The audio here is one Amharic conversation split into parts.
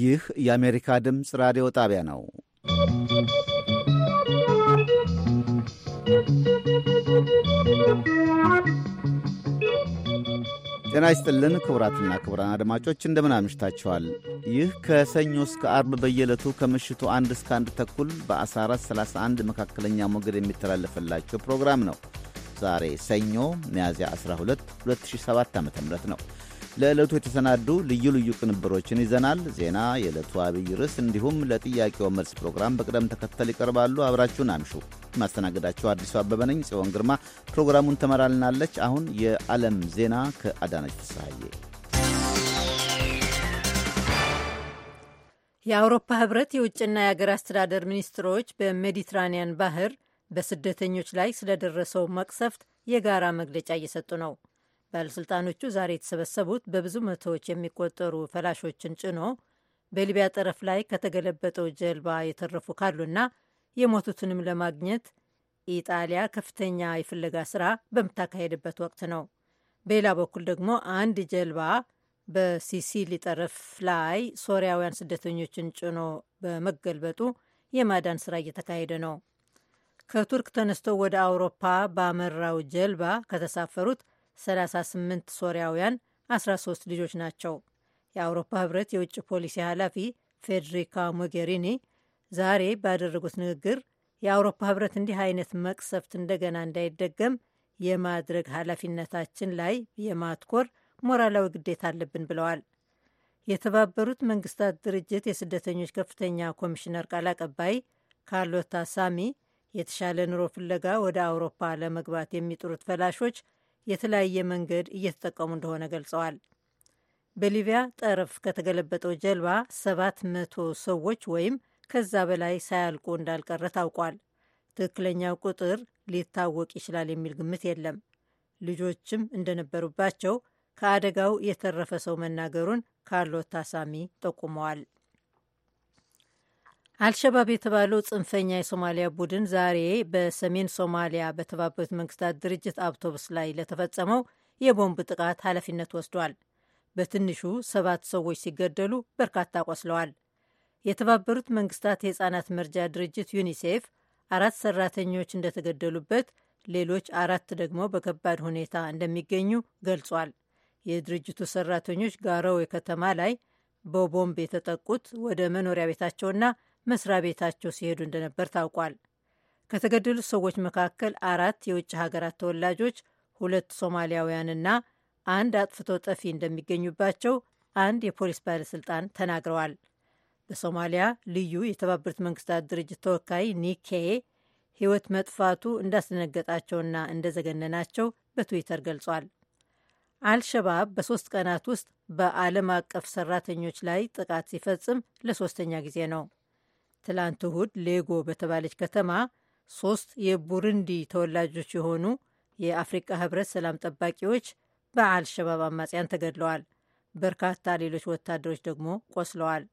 ይህ የአሜሪካ ድምፅ ራዲዮ ጣቢያ ነው። ጤና ይስጥልን ክቡራትና ክቡራን አድማጮች እንደምን አምሽታችኋል። ይህ ከሰኞ እስከ አርብ በየዕለቱ ከምሽቱ አንድ እስከ አንድ ተኩል በ1431 መካከለኛ ሞገድ የሚተላለፍላቸው ፕሮግራም ነው። ዛሬ ሰኞ ሚያዝያ 12 2007 ዓ ም ነው። ለዕለቱ የተሰናዱ ልዩ ልዩ ቅንብሮችን ይዘናል። ዜና፣ የዕለቱ አብይ ርዕስ እንዲሁም ለጥያቄው መልስ ፕሮግራም በቅደም ተከተል ይቀርባሉ። አብራችሁን አምሹ። ማስተናገዳቸው አዲሱ አበበ ነኝ። ጽዮን ግርማ ፕሮግራሙን ትመራልናለች። አሁን የዓለም ዜና ከአዳነች ፍስሐዬ። የአውሮፓ ህብረት የውጭና የአገር አስተዳደር ሚኒስትሮች በሜዲትራኒያን ባህር በስደተኞች ላይ ስለደረሰው መቅሰፍት የጋራ መግለጫ እየሰጡ ነው። ባለሥልጣኖቹ ዛሬ የተሰበሰቡት በብዙ መቶዎች የሚቆጠሩ ፈላሾችን ጭኖ በሊቢያ ጠረፍ ላይ ከተገለበጠው ጀልባ የተረፉ ካሉና የሞቱትንም ለማግኘት ኢጣሊያ ከፍተኛ የፍለጋ ስራ በምታካሄድበት ወቅት ነው። በሌላ በኩል ደግሞ አንድ ጀልባ በሲሲሊ ጠረፍ ላይ ሶሪያውያን ስደተኞችን ጭኖ በመገልበጡ የማዳን ስራ እየተካሄደ ነው። ከቱርክ ተነስተው ወደ አውሮፓ ባመራው ጀልባ ከተሳፈሩት 38 ሶሪያውያን 13 ልጆች ናቸው። የአውሮፓ ህብረት የውጭ ፖሊሲ ኃላፊ ፌዴሪካ ሞጌሪኒ ዛሬ ባደረጉት ንግግር የአውሮፓ ህብረት እንዲህ አይነት መቅሰፍት እንደገና እንዳይደገም የማድረግ ኃላፊነታችን ላይ የማትኮር ሞራላዊ ግዴታ አለብን ብለዋል። የተባበሩት መንግስታት ድርጅት የስደተኞች ከፍተኛ ኮሚሽነር ቃል አቀባይ ካርሎታ ሳሚ የተሻለ ኑሮ ፍለጋ ወደ አውሮፓ ለመግባት የሚጥሩት ፈላሾች የተለያየ መንገድ እየተጠቀሙ እንደሆነ ገልጸዋል። በሊቢያ ጠረፍ ከተገለበጠው ጀልባ ሰባት መቶ ሰዎች ወይም ከዛ በላይ ሳያልቁ እንዳልቀረ ታውቋል። ትክክለኛው ቁጥር ሊታወቅ ይችላል የሚል ግምት የለም። ልጆችም እንደነበሩባቸው ከአደጋው የተረፈ ሰው መናገሩን ካርሎታ ታሳሚ ጠቁመዋል። አልሸባብ የተባለው ጽንፈኛ የሶማሊያ ቡድን ዛሬ በሰሜን ሶማሊያ በተባበሩት መንግስታት ድርጅት አውቶቡስ ላይ ለተፈጸመው የቦምብ ጥቃት ኃላፊነት ወስዷል። በትንሹ ሰባት ሰዎች ሲገደሉ በርካታ ቆስለዋል። የተባበሩት መንግስታት የሕፃናት መርጃ ድርጅት ዩኒሴፍ አራት ሰራተኞች እንደተገደሉበት ሌሎች አራት ደግሞ በከባድ ሁኔታ እንደሚገኙ ገልጿል። የድርጅቱ ሰራተኞች ጋሮዌ ከተማ ላይ በቦምብ የተጠቁት ወደ መኖሪያ ቤታቸውና መስሪያ ቤታቸው ሲሄዱ እንደነበር ታውቋል። ከተገደሉት ሰዎች መካከል አራት የውጭ ሀገራት ተወላጆች፣ ሁለት ሶማሊያውያንና አንድ አጥፍቶ ጠፊ እንደሚገኙባቸው አንድ የፖሊስ ባለሥልጣን ተናግረዋል። በሶማሊያ ልዩ የተባበሩት መንግስታት ድርጅት ተወካይ ኒኬ ሕይወት መጥፋቱ እንዳስደነገጣቸውና እንደዘገነናቸው በትዊተር ገልጿል። አልሸባብ በሦስት ቀናት ውስጥ በዓለም አቀፍ ሰራተኞች ላይ ጥቃት ሲፈጽም ለሶስተኛ ጊዜ ነው። ትላንት እሁድ ሌጎ በተባለች ከተማ ሶስት የቡሩንዲ ተወላጆች የሆኑ የአፍሪቃ ህብረት ሰላም ጠባቂዎች በአልሸባብ አማጽያን ተገድለዋል። በርካታ ሌሎች ወታደሮች ደግሞ ቆስለዋል።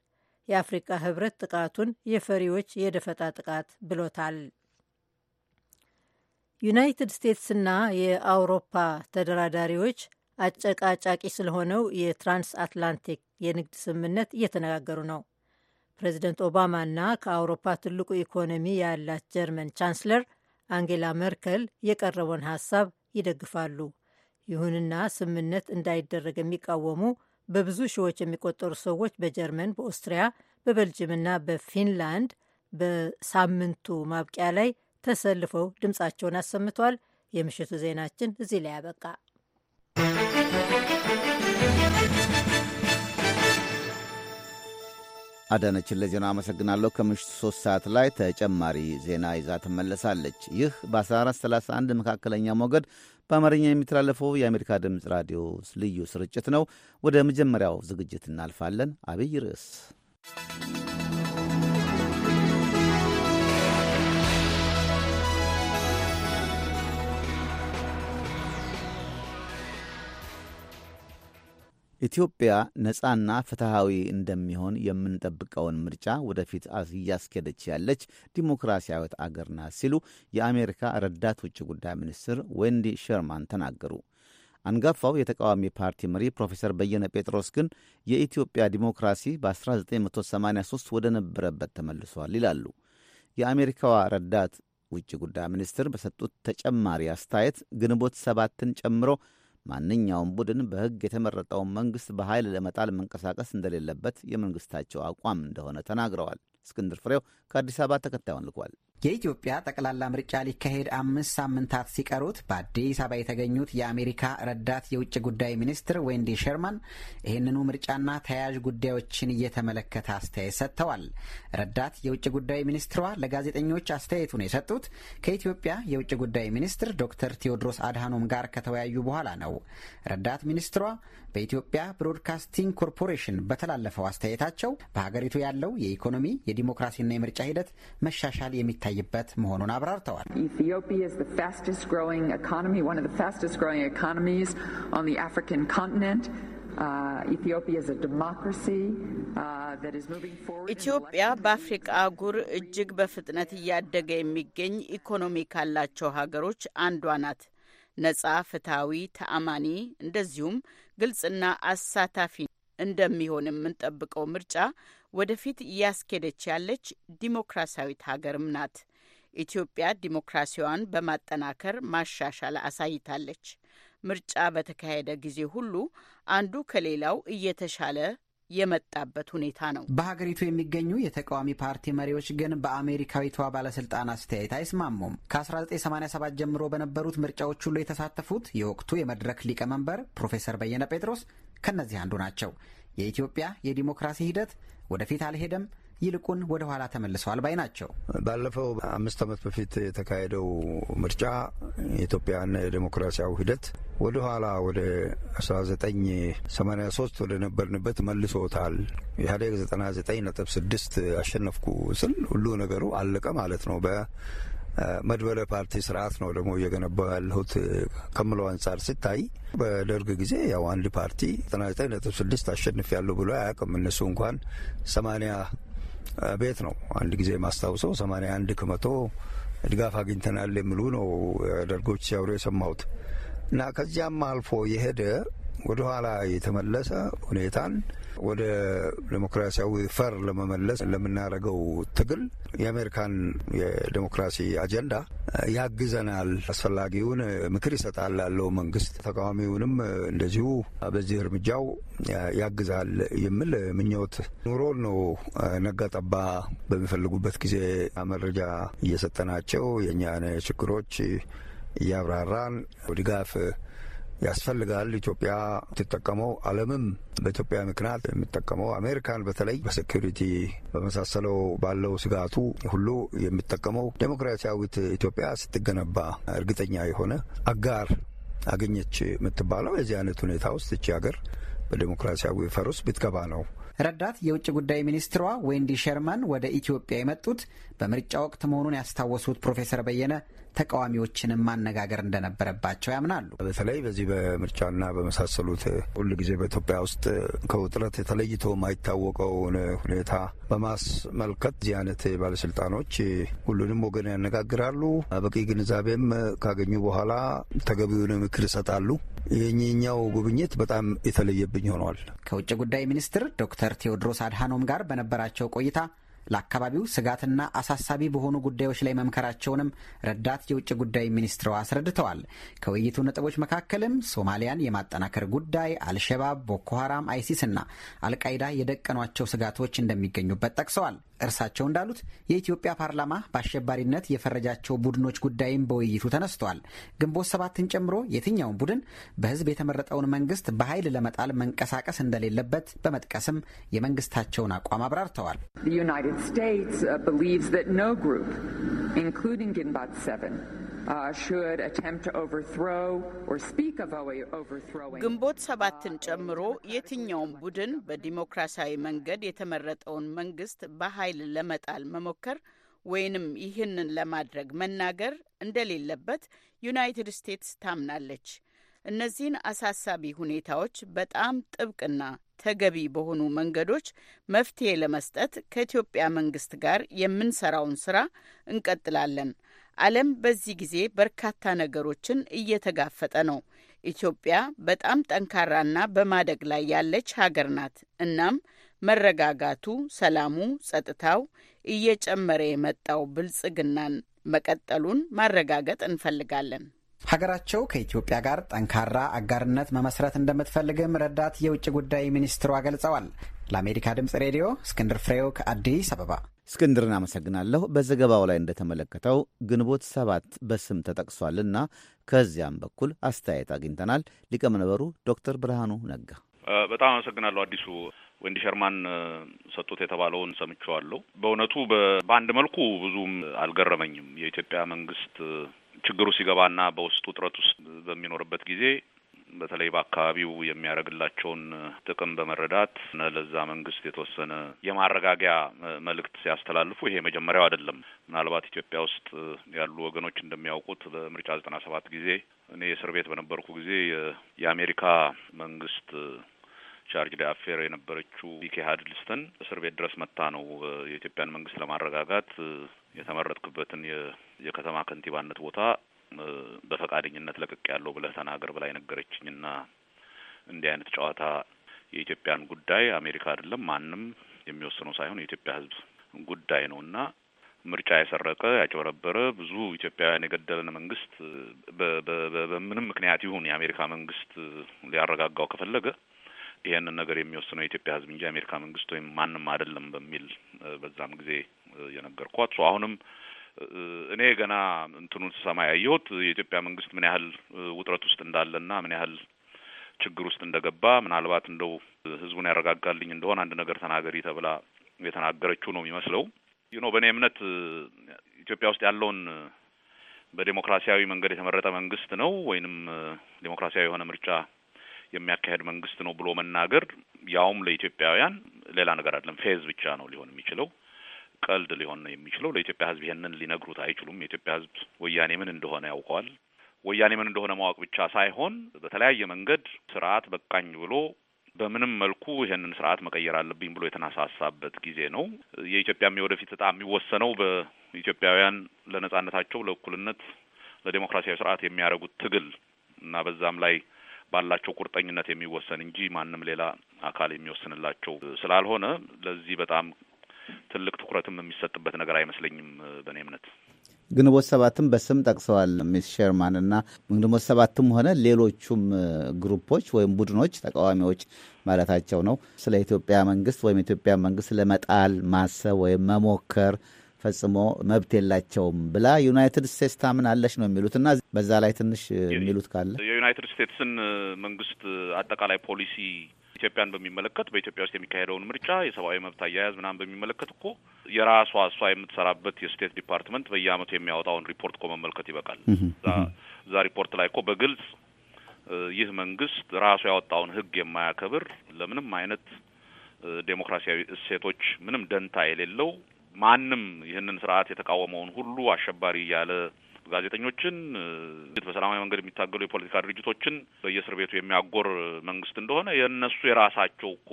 የአፍሪቃ ህብረት ጥቃቱን የፈሪዎች የደፈጣ ጥቃት ብሎታል። ዩናይትድ ስቴትስና የአውሮፓ ተደራዳሪዎች አጨቃጫቂ ስለሆነው የትራንስ አትላንቲክ የንግድ ስምምነት እየተነጋገሩ ነው። ፕሬዚደንት እና ከአውሮፓ ትልቁ ኢኮኖሚ ያላት ጀርመን ቻንስለር አንጌላ መርከል የቀረበውን ሀሳብ ይደግፋሉ። ይሁንና ስምምነት እንዳይደረግ የሚቃወሙ በብዙ ሺዎች የሚቆጠሩ ሰዎች በጀርመን፣ በኦስትሪያ፣ በቤልጅየምና በፊንላንድ በሳምንቱ ማብቂያ ላይ ተሰልፈው ድምፃቸውን አሰምተዋል። የምሽቱ ዜናችን እዚህ ላይ ያበቃ። አዳነችን ለዜና አመሰግናለሁ። ከምሽቱ ሶስት ሰዓት ላይ ተጨማሪ ዜና ይዛ ትመለሳለች። ይህ በ1431 መካከለኛ ሞገድ በአማርኛ የሚተላለፈው የአሜሪካ ድምፅ ራዲዮ ልዩ ስርጭት ነው። ወደ መጀመሪያው ዝግጅት እናልፋለን። አብይ ርዕስ ኢትዮጵያ ነጻና ፍትሐዊ እንደሚሆን የምንጠብቀውን ምርጫ ወደፊት እያስኬደች ያለች ዲሞክራሲያዊት አገር ናት ሲሉ የአሜሪካ ረዳት ውጭ ጉዳይ ሚኒስትር ዌንዲ ሸርማን ተናገሩ። አንጋፋው የተቃዋሚ ፓርቲ መሪ ፕሮፌሰር በየነ ጴጥሮስ ግን የኢትዮጵያ ዲሞክራሲ በ1983 ወደ ነበረበት ተመልሷል ይላሉ። የአሜሪካዋ ረዳት ውጭ ጉዳይ ሚኒስትር በሰጡት ተጨማሪ አስተያየት ግንቦት ሰባትን ጨምሮ ማንኛውም ቡድን በሕግ የተመረጠውን መንግሥት በኃይል ለመጣል መንቀሳቀስ እንደሌለበት የመንግሥታቸው አቋም እንደሆነ ተናግረዋል። እስክንድር ፍሬው ከአዲስ አበባ ተከታዩን ልኳል። የኢትዮጵያ ጠቅላላ ምርጫ ሊካሄድ አምስት ሳምንታት ሲቀሩት በአዲስ አበባ የተገኙት የአሜሪካ ረዳት የውጭ ጉዳይ ሚኒስትር ዌንዲ ሸርማን ይህንኑ ምርጫና ተያያዥ ጉዳዮችን እየተመለከተ አስተያየት ሰጥተዋል። ረዳት የውጭ ጉዳይ ሚኒስትሯ ለጋዜጠኞች አስተያየቱን የሰጡት ከኢትዮጵያ የውጭ ጉዳይ ሚኒስትር ዶክተር ቴዎድሮስ አድሃኖም ጋር ከተወያዩ በኋላ ነው። ረዳት ሚኒስትሯ በኢትዮጵያ ብሮድካስቲንግ ኮርፖሬሽን በተላለፈው አስተያየታቸው በሀገሪቱ ያለው የኢኮኖሚ የዲሞክራሲና የምርጫ ሂደት መሻሻል የሚታይ የሚታይበት መሆኑን አብራርተዋል። ኢትዮጵያ uh, uh, በአፍሪቃ አህጉር እጅግ በፍጥነት እያደገ የሚገኝ ኢኮኖሚ ካላቸው ሀገሮች አንዷ ናት። ነጻ፣ ፍትሐዊ፣ ተአማኒ እንደዚሁም ግልጽና አሳታፊ እንደሚሆን የምንጠብቀው ምርጫ ወደፊት እያስኬደች ያለች ዲሞክራሲያዊት ሀገርም ናት። ኢትዮጵያ ዲሞክራሲዋን በማጠናከር ማሻሻል አሳይታለች። ምርጫ በተካሄደ ጊዜ ሁሉ አንዱ ከሌላው እየተሻለ የመጣበት ሁኔታ ነው። በሀገሪቱ የሚገኙ የተቃዋሚ ፓርቲ መሪዎች ግን በአሜሪካዊቷ ባለስልጣን አስተያየት አይስማሙም። ከ1987 ጀምሮ በነበሩት ምርጫዎች ሁሉ የተሳተፉት የወቅቱ የመድረክ ሊቀመንበር ፕሮፌሰር በየነ ጴጥሮስ ከእነዚህ አንዱ ናቸው። የኢትዮጵያ የዲሞክራሲ ሂደት ወደፊት አልሄደም፣ ይልቁን ወደ ኋላ ተመልሰዋል ባይ ናቸው። ባለፈው አምስት ዓመት በፊት የተካሄደው ምርጫ የኢትዮጵያን ዴሞክራሲያዊ ሂደት ወደ ኋላ ወደ 1983 ወደ ነበርንበት መልሶታል። ኢህአዴግ 99 ነጥብ 6 አሸነፍኩ ስል ሁሉ ነገሩ አለቀ ማለት ነው በ መድበለ ፓርቲ ስርዓት ነው ደግሞ እየገነባው ያለሁት ከምለው አንጻር ሲታይ በደርግ ጊዜ ያው አንድ ፓርቲ ዘጠና ዘጠኝ ነጥብ ስድስት አሸንፍ ያለሁ ብሎ አያውቅም። እነሱ እንኳን ሰማኒያ ቤት ነው አንድ ጊዜ ማስታውሰው ሰማኒያ አንድ ከመቶ ድጋፍ አግኝተናል የሚሉ ነው ደርጎች ሲያወሩ የሰማሁት እና ከዚያም አልፎ የሄደ ወደኋላ የተመለሰ ሁኔታን ወደ ዴሞክራሲያዊ ፈር ለመመለስ ለምናደርገው ትግል የአሜሪካን የዴሞክራሲ አጀንዳ ያግዘናል፣ አስፈላጊውን ምክር ይሰጣል ላለው መንግስት፣ ተቃዋሚውንም እንደዚሁ በዚህ እርምጃው ያግዛል የሚል ምኞት ኑሮን ነው። ነጋጠባ በሚፈልጉበት ጊዜ መረጃ እየሰጠናቸው የእኛን ችግሮች እያብራራን ድጋፍ ያስፈልጋል። ኢትዮጵያ የምትጠቀመው ዓለምም በኢትዮጵያ ምክንያት የሚጠቀመው አሜሪካን በተለይ በሴኩሪቲ በመሳሰለው ባለው ስጋቱ ሁሉ የሚጠቀመው ዴሞክራሲያዊት ኢትዮጵያ ስትገነባ እርግጠኛ የሆነ አጋር አገኘች የምትባለው የዚህ አይነት ሁኔታ ውስጥ እቺ ሀገር በዴሞክራሲያዊ ፈርስ ብትገባ ነው። ረዳት የውጭ ጉዳይ ሚኒስትሯ ዌንዲ ሸርማን ወደ ኢትዮጵያ የመጡት በምርጫ ወቅት መሆኑን ያስታወሱት ፕሮፌሰር በየነ ተቃዋሚዎችንም ማነጋገር እንደነበረባቸው ያምናሉ። በተለይ በዚህ በምርጫና በመሳሰሉት ሁል ጊዜ በኢትዮጵያ ውስጥ ከውጥረት ተለይቶ የማይታወቀውን ሁኔታ በማስመልከት እዚህ አይነት ባለስልጣኖች ሁሉንም ወገን ያነጋግራሉ። በቂ ግንዛቤም ካገኙ በኋላ ተገቢውን ምክር ይሰጣሉ። የኛው ጉብኝት በጣም የተለየብኝ ሆኗል። ከውጭ ጉዳይ ሚኒስትር ዶክተር ቴዎድሮስ አድሃኖም ጋር በነበራቸው ቆይታ ለአካባቢው ስጋትና አሳሳቢ በሆኑ ጉዳዮች ላይ መምከራቸውንም ረዳት የውጭ ጉዳይ ሚኒስትሯ አስረድተዋል። ከውይይቱ ነጥቦች መካከልም ሶማሊያን የማጠናከር ጉዳይ፣ አልሸባብ፣ ቦኮ ሀራም፣ አይሲስና አልቃይዳ የደቀኗቸው ስጋቶች እንደሚገኙበት ጠቅሰዋል። እርሳቸው እንዳሉት የኢትዮጵያ ፓርላማ በአሸባሪነት የፈረጃቸው ቡድኖች ጉዳይም በውይይቱ ተነስተዋል። ግንቦት ሰባትን ጨምሮ የትኛውን ቡድን በህዝብ የተመረጠውን መንግስት በኃይል ለመጣል መንቀሳቀስ እንደሌለበት በመጥቀስም የመንግስታቸውን አቋም አብራርተዋል። ዩናይትድ ስቴትስ Uh, ግንቦት ሰባትን ጨምሮ የትኛውም ቡድን በዲሞክራሲያዊ መንገድ የተመረጠውን መንግስት በኃይል ለመጣል መሞከር ወይንም ይህንን ለማድረግ መናገር እንደሌለበት ዩናይትድ ስቴትስ ታምናለች። እነዚህን አሳሳቢ ሁኔታዎች በጣም ጥብቅና ተገቢ በሆኑ መንገዶች መፍትሄ ለመስጠት ከኢትዮጵያ መንግስት ጋር የምንሰራውን ስራ እንቀጥላለን። ዓለም በዚህ ጊዜ በርካታ ነገሮችን እየተጋፈጠ ነው። ኢትዮጵያ በጣም ጠንካራና በማደግ ላይ ያለች ሀገር ናት። እናም መረጋጋቱ፣ ሰላሙ፣ ጸጥታው እየጨመረ የመጣው ብልጽግናን መቀጠሉን ማረጋገጥ እንፈልጋለን። ሀገራቸው ከኢትዮጵያ ጋር ጠንካራ አጋርነት መመስረት እንደምትፈልግም ረዳት የውጭ ጉዳይ ሚኒስትሯ ገልጸዋል። ለአሜሪካ ድምፅ ሬዲዮ እስክንድር ፍሬው ከአዲስ አበባ እስክንድርን አመሰግናለሁ። በዘገባው ላይ እንደተመለከተው ግንቦት ሰባት በስም ተጠቅሷልና ከዚያም በኩል አስተያየት አግኝተናል። ሊቀመንበሩ ዶክተር ብርሃኑ ነጋ በጣም አመሰግናለሁ። አዲሱ ወንዲ ሸርማን ሰጡት የተባለውን ሰምቸዋለሁ። በእውነቱ በአንድ መልኩ ብዙም አልገረመኝም። የኢትዮጵያ መንግስት ችግሩ ሲገባና በውስጡ ውጥረት ውስጥ በሚኖርበት ጊዜ በተለይ በአካባቢው የሚያደርግላቸውን ጥቅም በመረዳት ለዛ መንግስት የተወሰነ የማረጋጊያ መልእክት ሲያስተላልፉ ይሄ መጀመሪያው አይደለም። ምናልባት ኢትዮጵያ ውስጥ ያሉ ወገኖች እንደሚያውቁት በምርጫ ዘጠና ሰባት ጊዜ እኔ እስር ቤት በነበርኩ ጊዜ የአሜሪካ መንግስት ቻርጅ ዳፌር የነበረችው ቢኬ ሀድልስተን እስር ቤት ድረስ መታ ነው የኢትዮጵያን መንግስት ለማረጋጋት የተመረጥክበትን የከተማ ከንቲባነት ቦታ በፈቃደኝነት ለቅቅ ያለው ብለህ ተናገር ብላ የነገረችኝና እንዲህ አይነት ጨዋታ የኢትዮጵያን ጉዳይ አሜሪካ አይደለም ማንም የሚወስነው ሳይሆን የኢትዮጵያ ሕዝብ ጉዳይ ነው እና ምርጫ የሰረቀ ያጭበረበረ ብዙ ኢትዮጵያውያን የገደለን መንግስት በምንም ምክንያት ይሁን የአሜሪካ መንግስት ሊያረጋጋው ከፈለገ ይሄንን ነገር የሚወስነው የኢትዮጵያ ህዝብ እንጂ የአሜሪካ መንግስት ወይም ማንም አይደለም በሚል በዛም ጊዜ የነገርኳት አሁንም እኔ ገና እንትኑን ስሰማ ያየሁት የኢትዮጵያ መንግስት ምን ያህል ውጥረት ውስጥ እንዳለና ምን ያህል ችግር ውስጥ እንደገባ ምናልባት እንደው ህዝቡን ያረጋጋልኝ እንደሆን አንድ ነገር ተናገሪ ተብላ የተናገረችው ነው የሚመስለው። ይኖ በእኔ እምነት ኢትዮጵያ ውስጥ ያለውን በዴሞክራሲያዊ መንገድ የተመረጠ መንግስት ነው ወይንም ዴሞክራሲያዊ የሆነ ምርጫ የሚያካሄድ መንግስት ነው ብሎ መናገር ያውም ለኢትዮጵያውያን ሌላ ነገር አይደለም፣ ፌዝ ብቻ ነው ሊሆን የሚችለው። ቀልድ ሊሆን ነው የሚችለው። ለኢትዮጵያ ሕዝብ ይሄንን ሊነግሩት አይችሉም። የኢትዮጵያ ሕዝብ ወያኔ ምን እንደሆነ ያውቀዋል። ወያኔ ምን እንደሆነ ማወቅ ብቻ ሳይሆን በተለያየ መንገድ ስርዓት በቃኝ ብሎ በምንም መልኩ ይሄንን ስርዓት መቀየር አለብኝ ብሎ የተነሳሳበት ጊዜ ነው። የኢትዮጵያም የወደፊት እጣ የሚወሰነው በኢትዮጵያውያን ለነጻነታቸው፣ ለእኩልነት፣ ለዴሞክራሲያዊ ስርዓት የሚያደርጉት ትግል እና በዛም ላይ ባላቸው ቁርጠኝነት የሚወሰን እንጂ ማንም ሌላ አካል የሚወስንላቸው ስላልሆነ ለዚህ በጣም ትልቅ ትኩረትም የሚሰጥበት ነገር አይመስለኝም በእኔ እምነት። ግንቦት ሰባትም በስም ጠቅሰዋል ሚስ ሸርማን እና ግንቦት ሰባትም ሆነ ሌሎቹም ግሩፖች ወይም ቡድኖች ተቃዋሚዎች ማለታቸው ነው ስለ ኢትዮጵያ መንግስት ወይም ኢትዮጵያ መንግስት ለመጣል ማሰብ ወይም መሞከር ፈጽሞ መብት የላቸውም ብላ ዩናይትድ ስቴትስ ታምናለች ነው የሚሉት እና በዛ ላይ ትንሽ የሚሉት ካለ የዩናይትድ ስቴትስን መንግስት አጠቃላይ ፖሊሲ ኢትዮጵያን በሚመለከት በኢትዮጵያ ውስጥ የሚካሄደውን ምርጫ፣ የሰብአዊ መብት አያያዝ ምናምን በሚመለከት እኮ የራሷ እሷ የምትሰራበት የስቴት ዲፓርትመንት በየአመቱ የሚያወጣውን ሪፖርት እኮ መመልከት ይበቃል። እዛ ሪፖርት ላይ እኮ በግልጽ ይህ መንግስት ራሱ ያወጣውን ህግ የማያከብር ለምንም አይነት ዴሞክራሲያዊ እሴቶች ምንም ደንታ የሌለው ማንም ይህንን ስርዓት የተቃወመውን ሁሉ አሸባሪ እያለ ጋዜጠኞችን፣ በሰላማዊ መንገድ የሚታገሉ የፖለቲካ ድርጅቶችን በየእስር ቤቱ የሚያጎር መንግስት እንደሆነ የእነሱ የራሳቸው እኮ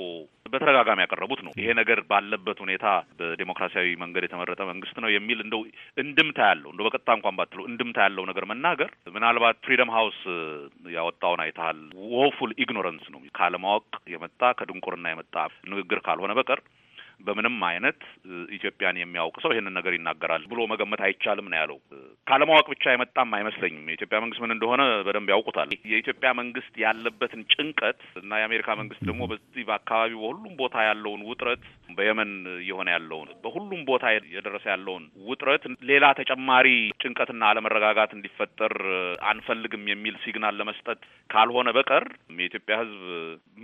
በተደጋጋሚ ያቀረቡት ነው። ይሄ ነገር ባለበት ሁኔታ በዴሞክራሲያዊ መንገድ የተመረጠ መንግስት ነው የሚል እንደው እንድምታ ያለው እንደ በቀጥታ እንኳን ባትለው እንድምታ ያለው ነገር መናገር ምናልባት ፍሪደም ሀውስ ያወጣውን አይተሃል። ወፉል ኢግኖረንስ ነው፣ ካለማወቅ የመጣ ከድንቁርና የመጣ ንግግር ካልሆነ በቀር በምንም አይነት ኢትዮጵያን የሚያውቅ ሰው ይህንን ነገር ይናገራል ብሎ መገመት አይቻልም ነው ያለው። ካለማወቅ ብቻ የመጣም አይመስለኝም። የኢትዮጵያ መንግስት ምን እንደሆነ በደንብ ያውቁታል። የኢትዮጵያ መንግስት ያለበትን ጭንቀት እና የአሜሪካ መንግስት ደግሞ በዚህ በአካባቢ በሁሉም ቦታ ያለውን ውጥረት፣ በየመን እየሆነ ያለውን በሁሉም ቦታ የደረሰ ያለውን ውጥረት ሌላ ተጨማሪ ጭንቀትና አለመረጋጋት እንዲፈጠር አንፈልግም የሚል ሲግናል ለመስጠት ካልሆነ በቀር የኢትዮጵያ ሕዝብ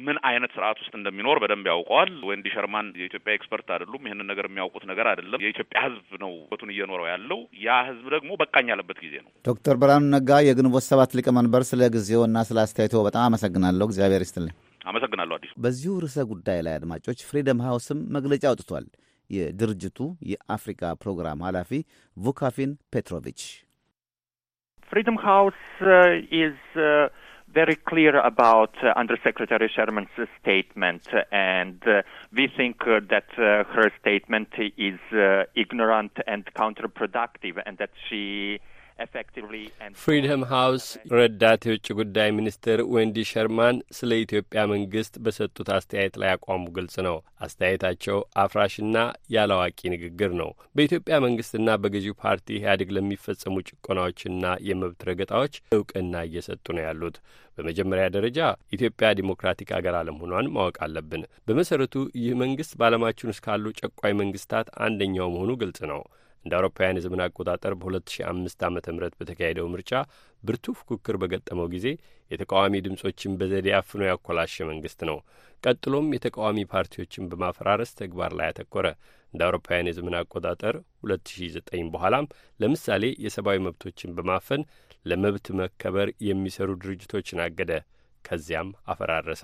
ምን አይነት ስርዓት ውስጥ እንደሚኖር በደንብ ያውቀዋል። ወንዲ ሸርማን የኢትዮጵያ ኤክስፐርት አይደሉም። ይህንን ነገር የሚያውቁት ነገር አይደለም። የኢትዮጵያ ሕዝብ ነው ወቱን እየኖረው ያለው። ያ ሕዝብ ደግሞ በቃኝ ያለበት ጊዜ ነው። ዶክተር ብርሃኑ ነጋ የግንቦት ሰባት ሊቀመንበር፣ ስለ ጊዜውና ስለ አስተያየቶ በጣም አመሰግናለሁ። እግዚአብሔር ይስጥልኝ። አመሰግናለሁ አዲሱ። በዚሁ ርዕሰ ጉዳይ ላይ አድማጮች፣ ፍሪደም ሃውስም መግለጫ አውጥቷል። የድርጅቱ የአፍሪካ ፕሮግራም ኃላፊ ቮካፊን ፔትሮቪች ፍሪደም ሀውስ ኢዝ very clear about uh, Undersecretary Sherman's statement, uh, and uh, we think that her statement is ignorant and counterproductive, and that she ፍሪደም ሀውስ ረዳት የውጭ ጉዳይ ሚኒስትር ወንዲ ሸርማን ስለ ኢትዮጵያ መንግስት በሰጡት አስተያየት ላይ አቋሙ ግልጽ ነው። አስተያየታቸው አፍራሽና ያለዋቂ ንግግር ነው። በኢትዮጵያ መንግስትና በገዢው ፓርቲ ኢህአዴግ ለሚፈጸሙ ጭቆናዎችና የመብት ረገጣዎች እውቅና እየሰጡ ነው ያሉት። በመጀመሪያ ደረጃ ኢትዮጵያ ዲሞክራቲክ አገር አለመሆኗን ማወቅ አለብን። በመሰረቱ ይህ መንግስት በዓለማችን ውስጥ ካሉ ጨቋይ መንግስታት አንደኛው መሆኑ ግልጽ ነው። እንደ አውሮፓውያን የዘመን አቆጣጠር በ2005 ዓ ም በተካሄደው ምርጫ ብርቱ ፉክክር በገጠመው ጊዜ የተቃዋሚ ድምጾችን በዘዴ አፍኖ ያኮላሸ መንግስት ነው። ቀጥሎም የተቃዋሚ ፓርቲዎችን በማፈራረስ ተግባር ላይ ያተኮረ እንደ አውሮፓውያን የዘመን አቆጣጠር 2009 በኋላም ለምሳሌ የሰብአዊ መብቶችን በማፈን ለመብት መከበር የሚሰሩ ድርጅቶችን አገደ። ከዚያም አፈራረሰ።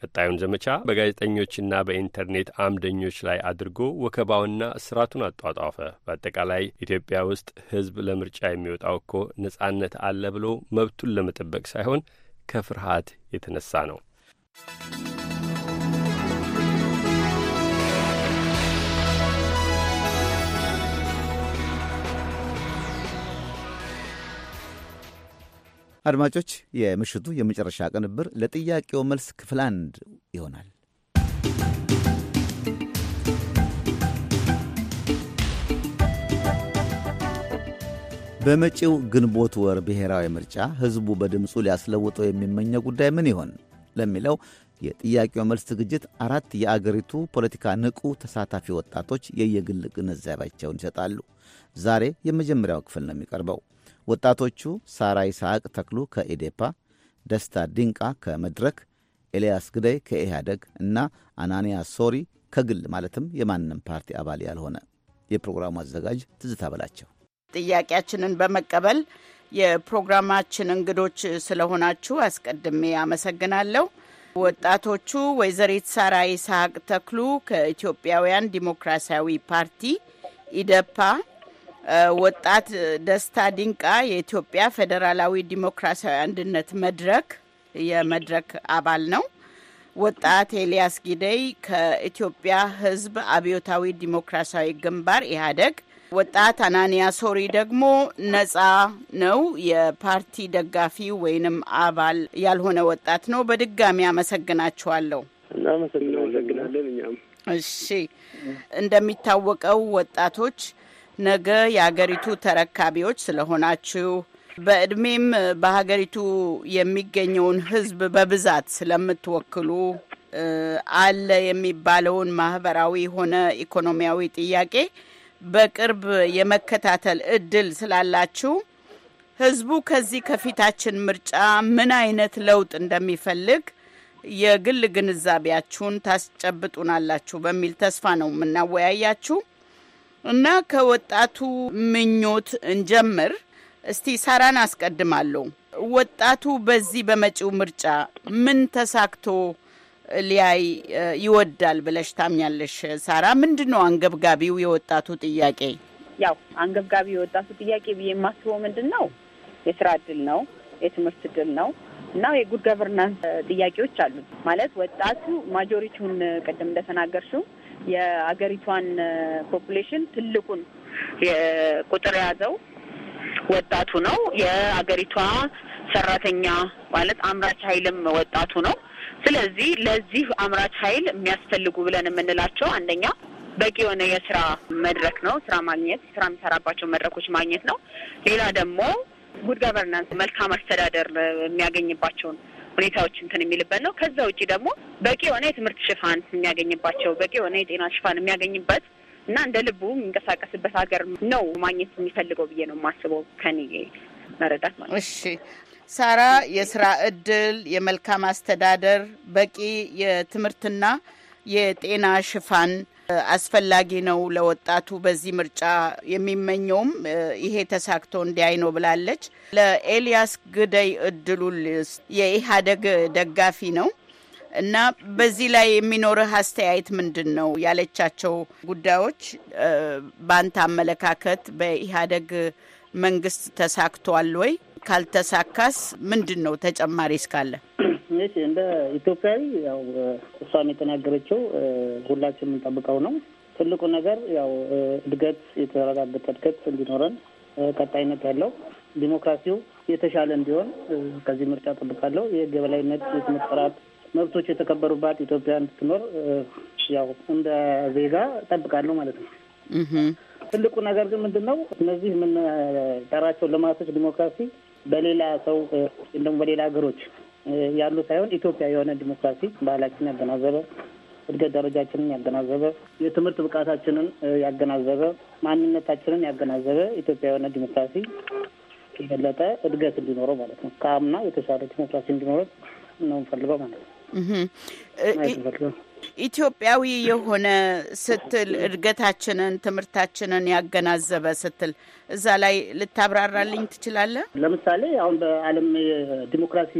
ቀጣዩን ዘመቻ በጋዜጠኞችና በኢንተርኔት አምደኞች ላይ አድርጎ ወከባውና እስራቱን አጧጧፈ። በአጠቃላይ ኢትዮጵያ ውስጥ ሕዝብ ለምርጫ የሚወጣው እኮ ነጻነት አለ ብሎ መብቱን ለመጠበቅ ሳይሆን ከፍርሃት የተነሳ ነው። አድማጮች፣ የምሽቱ የመጨረሻ ቅንብር ለጥያቄው መልስ ክፍል አንድ ይሆናል። በመጪው ግንቦት ወር ብሔራዊ ምርጫ ሕዝቡ በድምፁ ሊያስለውጠው የሚመኘው ጉዳይ ምን ይሆን ለሚለው የጥያቄው መልስ ዝግጅት አራት የአገሪቱ ፖለቲካ ንቁ ተሳታፊ ወጣቶች የየግል ግንዛቤያቸውን ይሰጣሉ። ዛሬ የመጀመሪያው ክፍል ነው የሚቀርበው። ወጣቶቹ ሳራ ይስሐቅ ተክሉ ከኢዴፓ፣ ደስታ ዲንቃ ከመድረክ፣ ኤልያስ ግደይ ከኢህአደግ እና አናንያ ሶሪ ከግል ማለትም የማንም ፓርቲ አባል ያልሆነ። የፕሮግራሙ አዘጋጅ ትዝታ በላቸው። ጥያቄያችንን በመቀበል የፕሮግራማችን እንግዶች ስለሆናችሁ አስቀድሜ አመሰግናለሁ። ወጣቶቹ ወይዘሪት ሳራ ይስሐቅ ተክሉ ከኢትዮጵያውያን ዲሞክራሲያዊ ፓርቲ ኢደፓ ወጣት ደስታ ዲንቃ የኢትዮጵያ ፌዴራላዊ ዲሞክራሲያዊ አንድነት መድረክ የመድረክ አባል ነው። ወጣት ኤልያስ ጊደይ ከኢትዮጵያ ሕዝብ አብዮታዊ ዲሞክራሲያዊ ግንባር ኢህአዴግ። ወጣት አናንያ ሶሪ ደግሞ ነጻ ነው፣ የፓርቲ ደጋፊ ወይንም አባል ያልሆነ ወጣት ነው። በድጋሚ አመሰግናችኋለሁ። እናመሰግናለን። እኛም እሺ፣ እንደሚታወቀው ወጣቶች ነገ የአገሪቱ ተረካቢዎች ስለሆናችሁ በእድሜም በሀገሪቱ የሚገኘውን ሕዝብ በብዛት ስለምትወክሉ አለ የሚባለውን ማህበራዊ ሆነ ኢኮኖሚያዊ ጥያቄ በቅርብ የመከታተል እድል ስላላችሁ ሕዝቡ ከዚህ ከፊታችን ምርጫ ምን አይነት ለውጥ እንደሚፈልግ የግል ግንዛቤያችሁን ታስጨብጡናላችሁ በሚል ተስፋ ነው የምናወያያችሁ። እና ከወጣቱ ምኞት እንጀምር። እስቲ ሳራን አስቀድማለሁ። ወጣቱ በዚህ በመጪው ምርጫ ምን ተሳክቶ ሊያይ ይወዳል ብለሽ ታምኛለሽ? ሳራ፣ ምንድን ነው አንገብጋቢው የወጣቱ ጥያቄ? ያው አንገብጋቢ የወጣቱ ጥያቄ ብዬ የማስበው ምንድን ነው የስራ እድል ነው፣ የትምህርት እድል ነው እና የጉድ ገቨርናንስ ጥያቄዎች አሉ። ማለት ወጣቱ ማጆሪቲውን ቅድም እንደተናገርሽው የአገሪቷን ፖፑሌሽን ትልቁን ቁጥር የያዘው ወጣቱ ነው። የአገሪቷ ሰራተኛ ማለት አምራች ኃይልም ወጣቱ ነው። ስለዚህ ለዚህ አምራች ኃይል የሚያስፈልጉ ብለን የምንላቸው አንደኛ በቂ የሆነ የስራ መድረክ ነው፣ ስራ ማግኘት፣ ስራ የሚሰራባቸው መድረኮች ማግኘት ነው። ሌላ ደግሞ ጉድ ጋቨርናንስ መልካም አስተዳደር የሚያገኝባቸውን ሁኔታዎች እንትን የሚልበት ነው። ከዛ ውጭ ደግሞ በቂ የሆነ የትምህርት ሽፋን የሚያገኝባቸው በቂ የሆነ የጤና ሽፋን የሚያገኝበት እና እንደ ልቡ የሚንቀሳቀስበት ሀገር ነው ማግኘት የሚፈልገው ብዬ ነው የማስበው ከኔ መረዳት ማለት እሺ ሳራ፣ የስራ እድል፣ የመልካም አስተዳደር፣ በቂ የትምህርትና የጤና ሽፋን አስፈላጊ ነው ለወጣቱ በዚህ ምርጫ የሚመኘውም ይሄ ተሳክቶ እንዲያይ ነው ብላለች። ለኤልያስ ግደይ እድሉል የኢህአዴግ ደጋፊ ነው እና በዚህ ላይ የሚኖርህ አስተያየት ምንድን ነው? ያለቻቸው ጉዳዮች በአንተ አመለካከት በኢህአዴግ መንግስት ተሳክቷል ወይ? ካልተሳካስ ምንድን ነው ተጨማሪ እስካለ እንግዲህ እንደ ኢትዮጵያዊ ያው እሷም የተናገረችው ሁላችን የምንጠብቀው ነው። ትልቁ ነገር ያው እድገት፣ የተረጋገጠ እድገት እንዲኖረን ቀጣይነት ያለው ዲሞክራሲው የተሻለ እንዲሆን ከዚህ ምርጫ ጠብቃለሁ። የህግ የበላይነት፣ የትምህርት ጥራት፣ መብቶች የተከበሩባት ኢትዮጵያ እንድትኖር ያው እንደ ዜጋ ጠብቃለሁ ማለት ነው። ትልቁ ነገር ግን ምንድን ነው እነዚህ የምንጠራቸው ልማቶች ዲሞክራሲ በሌላ ሰው ደግሞ በሌላ ሀገሮች ያሉ ሳይሆን ኢትዮጵያ የሆነ ዲሞክራሲ ባህላችን ያገናዘበ እድገት ደረጃችንን ያገናዘበ የትምህርት ብቃታችንን ያገናዘበ ማንነታችንን ያገናዘበ ኢትዮጵያ የሆነ ዲሞክራሲ የበለጠ እድገት እንዲኖረው ማለት ነው። ከአምና የተሻለ ዲሞክራሲ እንዲኖረው ነው ፈልገው ማለት ነው። ኢትዮጵያዊ የሆነ ስትል እድገታችንን ትምህርታችንን ያገናዘበ ስትል እዛ ላይ ልታብራራልኝ ትችላለህ? ለምሳሌ አሁን በዓለም የዲሞክራሲ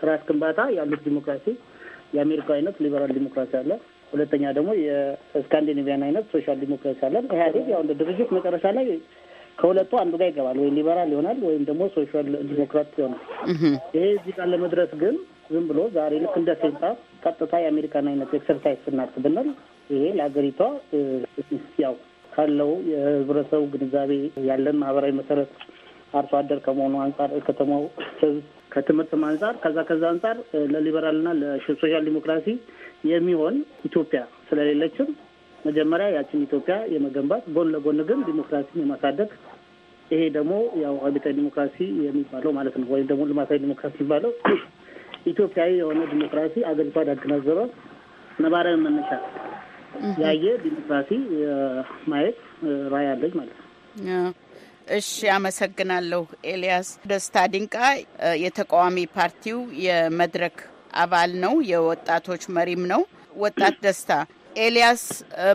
ስርዓት ግንባታ ያሉት ዲሞክራሲ የአሜሪካ አይነት ሊበራል ዲሞክራሲ አለ። ሁለተኛ ደግሞ የስካንዲኔቪያን አይነት ሶሻል ዲሞክራሲ አለ። ኢህአዴግ ያው እንደ ድርጅት መጨረሻ ላይ ከሁለቱ አንዱ ጋር ይገባል። ወይም ሊበራል ይሆናል ወይም ደግሞ ሶሻል ዲሞክራት ይሆናል። ይሄ እዚህ ጋር ለመድረስ ግን ዝም ብሎ ዛሬ ልክ እንደ ሴንሳ ቀጥታ የአሜሪካን አይነት ኤክሰርሳይዝ ስናርት ብንል ይሄ ለሀገሪቷ ያው ካለው የህብረተሰቡ ግንዛቤ ያለን ማህበራዊ መሰረት አርሶ አደር ከመሆኑ አንጻር ከተማው ህዝብ ከትምህርትም አንጻር ከዛ ከዛ አንጻር ለሊበራልና ለሶሻል ዲሞክራሲ የሚሆን ኢትዮጵያ ስለሌለችም መጀመሪያ ያችን ኢትዮጵያ የመገንባት ጎን ለጎን ግን ዲሞክራሲን የማሳደግ ይሄ ደግሞ ያው አብዮታዊ ዲሞክራሲ የሚባለው ማለት ነው ወይም ደግሞ ልማታዊ ዲሞክራሲ የሚባለው ኢትዮጵያዊ የሆነ ዲሞክራሲ አገሪቷ ያገናዘበ ነባራዊ መነሻ ያየ ዲሞክራሲ ማየት ራዕይ አለች ማለት ነው። እሺ፣ አመሰግናለሁ ኤልያስ ደስታ ድንቃ የተቃዋሚ ፓርቲው የመድረክ አባል ነው፣ የወጣቶች መሪም ነው። ወጣት ደስታ ኤልያስ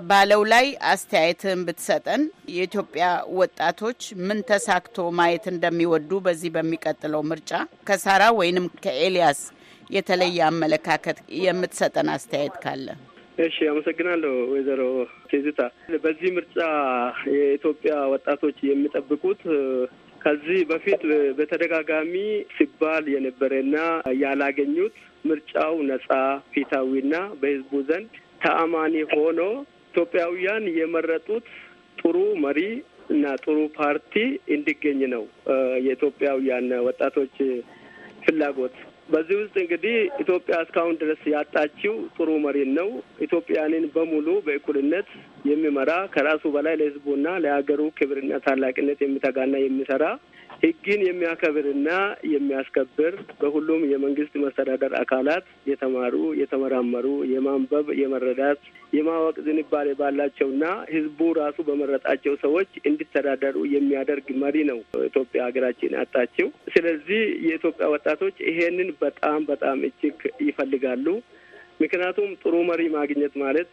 ባለው ላይ አስተያየትህን ብትሰጠን የኢትዮጵያ ወጣቶች ምን ተሳክቶ ማየት እንደሚወዱ በዚህ በሚቀጥለው ምርጫ ከሳራ ወይንም ከኤልያስ የተለየ አመለካከት የምትሰጠን አስተያየት ካለ። እሺ፣ አመሰግናለሁ ወይዘሮ ቴዝታ። በዚህ ምርጫ የኢትዮጵያ ወጣቶች የሚጠብቁት ከዚህ በፊት በተደጋጋሚ ሲባል የነበረና ያላገኙት ምርጫው ነጻ፣ ፊታዊና በህዝቡ ዘንድ ተአማኒ ሆኖ ኢትዮጵያውያን የመረጡት ጥሩ መሪ እና ጥሩ ፓርቲ እንዲገኝ ነው የኢትዮጵያውያን ወጣቶች ፍላጎት በዚህ ውስጥ እንግዲህ ኢትዮጵያ እስካሁን ድረስ ያጣችው ጥሩ መሪን ነው። ኢትዮጵያንን በሙሉ በእኩልነት የሚመራ ከራሱ በላይ ለሕዝቡና ለሀገሩ ክብርና ታላቅነት የሚተጋና የሚሰራ ሕግን የሚያከብርና የሚያስከብር በሁሉም የመንግስት መስተዳደር አካላት የተማሩ፣ የተመራመሩ፣ የማንበብ፣ የመረዳት፣ የማወቅ ዝንባሌ ባላቸውና ህዝቡ ራሱ በመረጣቸው ሰዎች እንዲተዳደሩ የሚያደርግ መሪ ነው ኢትዮጵያ ሀገራችን አጣችው። ስለዚህ የኢትዮጵያ ወጣቶች ይሄንን በጣም በጣም እጅግ ይፈልጋሉ። ምክንያቱም ጥሩ መሪ ማግኘት ማለት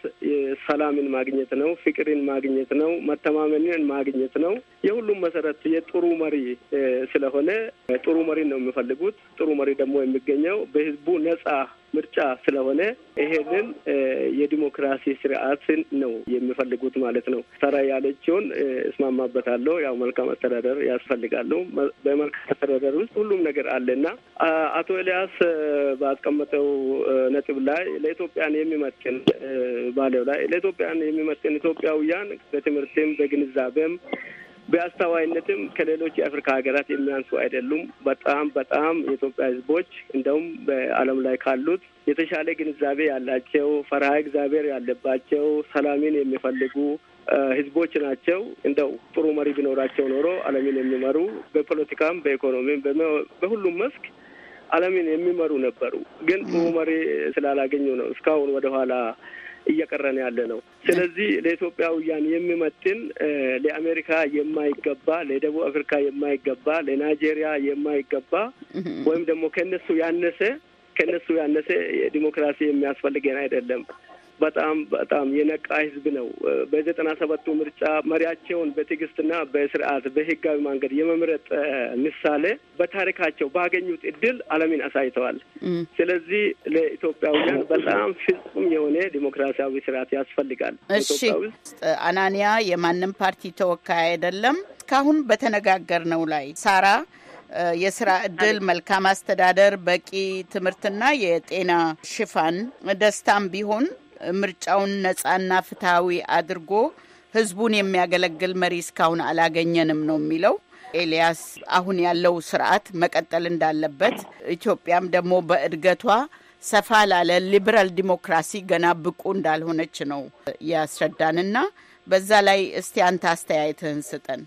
ሰላምን ማግኘት ነው፣ ፍቅርን ማግኘት ነው፣ መተማመንን ማግኘት ነው። የሁሉም መሰረት የጥሩ መሪ ስለሆነ ጥሩ መሪ ነው የሚፈልጉት። ጥሩ መሪ ደግሞ የሚገኘው በህዝቡ ነጻ ምርጫ ስለሆነ ይሄንን የዲሞክራሲ ስርዓትን ነው የሚፈልጉት ማለት ነው። ሰራ ያለችውን እስማማበታለሁ። ያው መልካም አስተዳደር ያስፈልጋሉ። በመልካም አስተዳደር ውስጥ ሁሉም ነገር አለና አቶ ኤልያስ ባስቀመጠው ነጥብ ላይ ለኢትዮጵያን የሚመጥን ባለው ላይ ለኢትዮጵያን የሚመጥን ኢትዮጵያውያን በትምህርትም በግንዛቤም በአስተዋይነትም ከሌሎች የአፍሪካ ሀገራት የሚያንሱ አይደሉም። በጣም በጣም የኢትዮጵያ ሕዝቦች እንደውም በዓለም ላይ ካሉት የተሻለ ግንዛቤ ያላቸው ፈርሃ እግዚአብሔር ያለባቸው ሰላምን የሚፈልጉ ሕዝቦች ናቸው። እንደው ጥሩ መሪ ቢኖራቸው ኖሮ ዓለምን የሚመሩ በፖለቲካም፣ በኢኮኖሚም በሁሉም መስክ ዓለምን የሚመሩ ነበሩ። ግን ጥሩ መሪ ስላላገኙ ነው እስካሁን ወደኋላ እየቀረን ያለ ነው። ስለዚህ ለኢትዮጵያውያን የሚመጥን ለአሜሪካ የማይገባ ለደቡብ አፍሪካ የማይገባ ለናይጄሪያ የማይገባ ወይም ደግሞ ከነሱ ያነሰ ከነሱ ያነሰ ዲሞክራሲ የሚያስፈልገን አይደለም። በጣም በጣም የነቃ ህዝብ ነው። በዘጠና ሰባቱ ምርጫ መሪያቸውን በትዕግስትና በስርዓት በህጋዊ መንገድ የመምረጥ ምሳሌ በታሪካቸው ባገኙት እድል ዓለምን አሳይተዋል። ስለዚህ ለኢትዮጵያውያን በጣም ፍጹም የሆነ ዲሞክራሲያዊ ስርዓት ያስፈልጋል። እሺ አናንያ የማንም ፓርቲ ተወካይ አይደለም። እስካሁን ነው ላይ ሳራ የስራ እድል፣ መልካም አስተዳደር፣ በቂ ትምህርትና የጤና ሽፋን ደስታም ቢሆን ምርጫውን ነፃና ፍትሐዊ አድርጎ ህዝቡን የሚያገለግል መሪ እስካሁን አላገኘንም ነው የሚለው። ኤልያስ አሁን ያለው ስርዓት መቀጠል እንዳለበት ኢትዮጵያም ደግሞ በእድገቷ ሰፋ ላለ ሊበራል ዲሞክራሲ ገና ብቁ እንዳልሆነች ነው ያስረዳንና በዛ ላይ እስቲ አንተ አስተያየትህን ስጠን።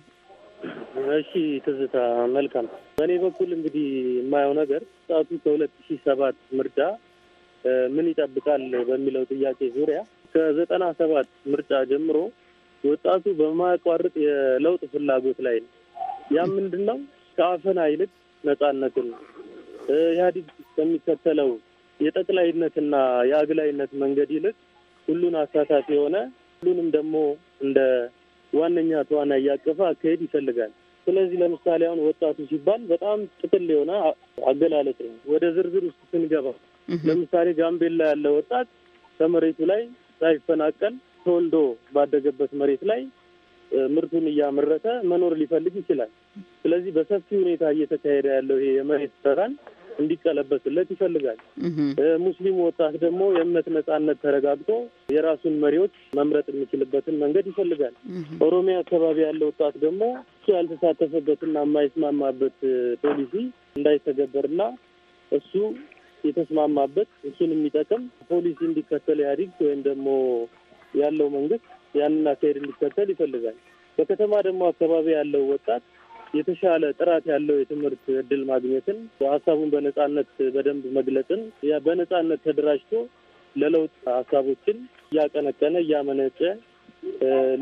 እሺ ትዝታ፣ መልካም። በእኔ በኩል እንግዲህ የማየው ነገር ሰዓቱ ከሁለት ሺህ ሰባት ምርጫ ምን ይጠብቃል በሚለው ጥያቄ ዙሪያ ከዘጠና ሰባት ምርጫ ጀምሮ ወጣቱ በማያቋርጥ የለውጥ ፍላጎት ላይ ነው። ያ ምንድን ነው? ከአፈና ይልቅ ነጻነትን ኢህአዲግ ከሚከተለው የጠቅላይነትና የአግላይነት መንገድ ይልቅ ሁሉን አሳታፊ የሆነ ሁሉንም ደግሞ እንደ ዋነኛ ተዋና እያቀፈ አካሄድ ይፈልጋል። ስለዚህ ለምሳሌ አሁን ወጣቱ ሲባል በጣም ጥቅል የሆነ አገላለጽ ነው። ወደ ዝርዝር ውስጥ ስንገባ ለምሳሌ ጋምቤላ ያለ ወጣት ከመሬቱ ላይ ሳይፈናቀል ተወልዶ ባደገበት መሬት ላይ ምርቱን እያመረተ መኖር ሊፈልግ ይችላል። ስለዚህ በሰፊ ሁኔታ እየተካሄደ ያለው ይሄ የመሬት ሰራን እንዲቀለበስለት ይፈልጋል። ሙስሊም ወጣት ደግሞ የእምነት ነጻነት ተረጋግጦ የራሱን መሪዎች መምረጥ የሚችልበትን መንገድ ይፈልጋል። ኦሮሚያ አካባቢ ያለ ወጣት ደግሞ እሱ ያልተሳተፈበትና የማይስማማበት ፖሊሲ እንዳይተገበርና እሱ የተስማማበት እሱን የሚጠቅም ፖሊሲ እንዲከተል ኢህአዴግ ወይም ደግሞ ያለው መንግስት ያንን አካሄድ እንዲከተል ይፈልጋል። በከተማ ደግሞ አካባቢ ያለው ወጣት የተሻለ ጥራት ያለው የትምህርት እድል ማግኘትን፣ ሀሳቡን በነጻነት በደንብ መግለጽን፣ በነጻነት ተደራጅቶ ለለውጥ ሀሳቦችን እያቀነቀነ እያመነጨ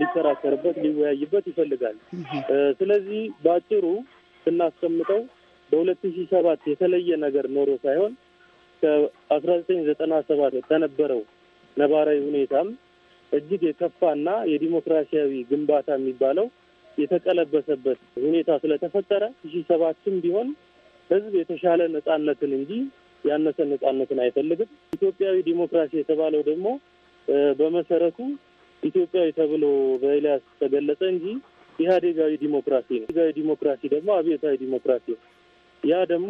ሊከራከርበት ሊወያይበት ይፈልጋል። ስለዚህ በአጭሩ ስናስቀምጠው በሁለት ሺህ ሰባት የተለየ ነገር ኖሮ ሳይሆን ከአስራ ዘጠኝ ዘጠና ሰባት ከነበረው ነባራዊ ሁኔታም እጅግ የከፋና የዲሞክራሲያዊ ግንባታ የሚባለው የተቀለበሰበት ሁኔታ ስለተፈጠረ ሺ ሰባትም ቢሆን ህዝብ የተሻለ ነጻነትን እንጂ ያነሰ ነጻነትን አይፈልግም። ኢትዮጵያዊ ዲሞክራሲ የተባለው ደግሞ በመሰረቱ ኢትዮጵያዊ ተብሎ በኤልያስ ተገለጸ እንጂ ኢህአዴጋዊ ዲሞክራሲ ነው። ኢህአዴጋዊ ዲሞክራሲ ደግሞ አብዮታዊ ዲሞክራሲ ነው። ያ ደግሞ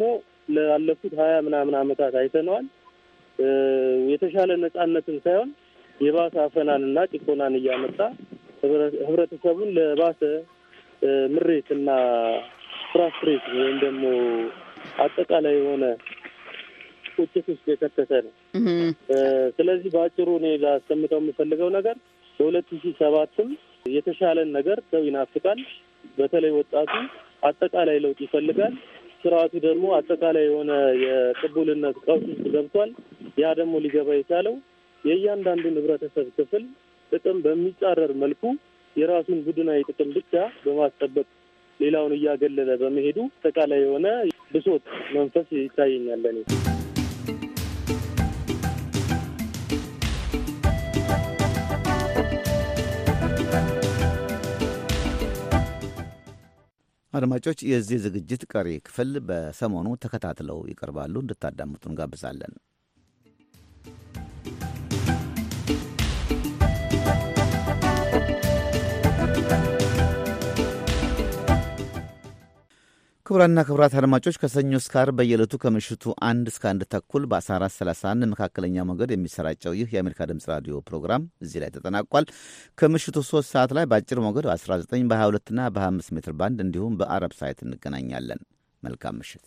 ላለፉት ሀያ ምናምን ዓመታት አይተነዋል። የተሻለ ነጻነትን ሳይሆን የባሰ አፈናንና ጭቆናን እያመጣ ህብረተሰቡን ለባሰ ምሬትና ፍራስትሬት ወይም ደግሞ አጠቃላይ የሆነ ቁጭት ውስጥ የከተተ ነው። ስለዚህ በአጭሩ እኔ ላስቀምጠው የምፈልገው ነገር በሁለት ሺህ ሰባትም የተሻለን ነገር ሰው ይናፍቃል። በተለይ ወጣቱ አጠቃላይ ለውጥ ይፈልጋል። ስርዓቱ ደግሞ አጠቃላይ የሆነ የቅቡልነት ቀውስ ውስጥ ገብቷል። ያ ደግሞ ሊገባ የቻለው የእያንዳንዱን ህብረተሰብ ክፍል ጥቅም በሚጻረር መልኩ የራሱን ቡድናዊ ጥቅም ብቻ በማስጠበቅ ሌላውን እያገለለ በመሄዱ አጠቃላይ የሆነ ብሶት መንፈስ ይታየኛል አድማጮች፣ የዚህ ዝግጅት ቀሪ ክፍል በሰሞኑ ተከታትለው ይቀርባሉ። እንድታዳምጡ እንጋብዛለን። ክቡራና ክቡራት አድማጮች ከሰኞ እስከ ዓርብ በየዕለቱ ከምሽቱ አንድ እስከ አንድ ተኩል በ1431 መካከለኛ ሞገድ የሚሰራጨው ይህ የአሜሪካ ድምፅ ራዲዮ ፕሮግራም እዚህ ላይ ተጠናቋል። ከምሽቱ 3 ሰዓት ላይ በአጭር ሞገድ በ19 በ22ና በ25 ሜትር ባንድ እንዲሁም በአረብ ሳይት እንገናኛለን። መልካም ምሽት።